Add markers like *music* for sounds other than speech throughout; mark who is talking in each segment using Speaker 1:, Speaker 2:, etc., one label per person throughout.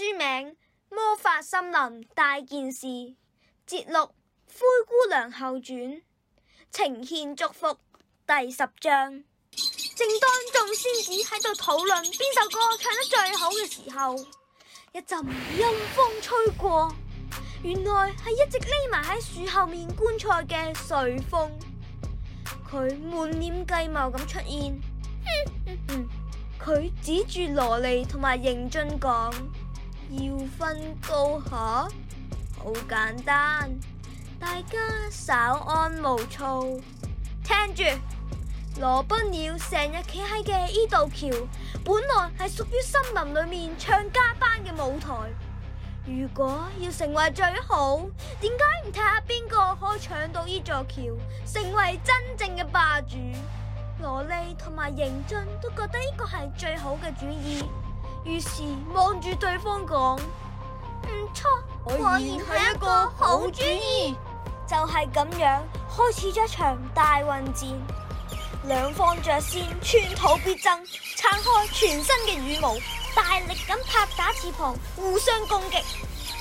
Speaker 1: 書名《魔法森林大件事》，節錄《灰姑娘後傳》，呈獻祝福第十章。 *noise* 正當眾仙子喺度討論邊首歌唱得最好嘅時候，一陣陰風吹過，原來係一直匿埋喺樹後面觀賽嘅隨風。佢滿臉計謀咁出現，佢、 *noise* 嗯嗯、指住蘿莉同埋迎俊講。要分高下，好、啊、簡單，大家稍安勿躁。聽住，羅賓鳥成日企喺嘅呢度橋，本來係屬於森林裏面唱家班嘅舞台。如果要成為最好，點解唔睇下邊個可搶到呢座橋，成為真正嘅霸主？羅莉同埋迎俊都覺得呢個係最好嘅主意。於是望住對方講：唔錯，果然係一個好主意。就係咁樣，開始咗一場大混戰。兩方雀仙寸土必爭，撐開全身嘅羽毛，大力咁拍打翅膀，互相攻擊。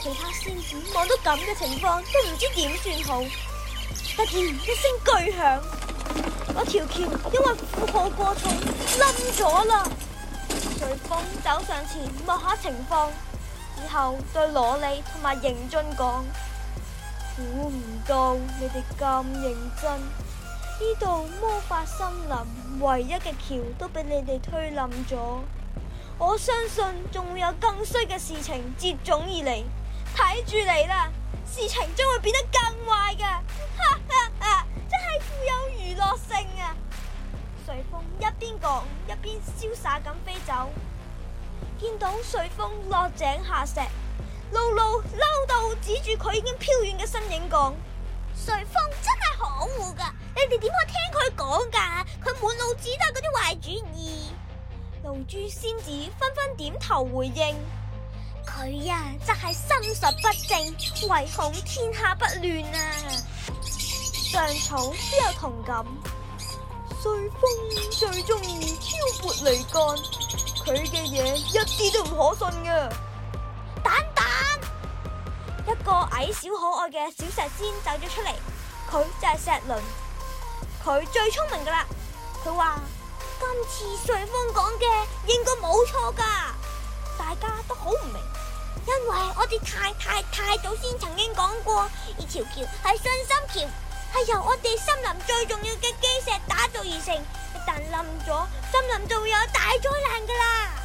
Speaker 1: 其他仙子望到咁嘅情況，都唔知點算好。突然一聲巨響，嗰條橋因為負荷過重，冧咗啦。隨風走上前望下情況，然後對蘿莉同埋迎俊講，估唔到你哋咁認真，呢度魔法森林唯一嘅橋都俾你哋推冧咗。我相信仲會有更衰嘅事情接踵而嚟，睇住你啦，事情將會變得更壞噶。哈哈，真係富有。瀟灑咁飛走，見到瑞風落井下石，露露嬲到指住佢已經飄遠嘅身影講：瑞風真係可惡噶，你哋點可以聽佢講噶？佢滿腦子都係嗰啲壞主意。龍珠仙子紛紛點頭回應，佢呀則係心術不正，唯恐天下不亂啊！上草必有同感。瑞風最中意挑撥離間，佢嘅嘢一啲都唔可信嘅。等等，一個矮小可愛嘅小石仙走咗出嚟，佢就係石麟，佢最聰明噶啦。佢話今次瑞風講嘅應該冇錯噶，大家都好唔明，因為我哋太太太祖先曾經講過，呢條橋係信心橋。係由我哋森林最重要嘅基石打造而成，一旦冧咗，森林就會有大災難㗎喇！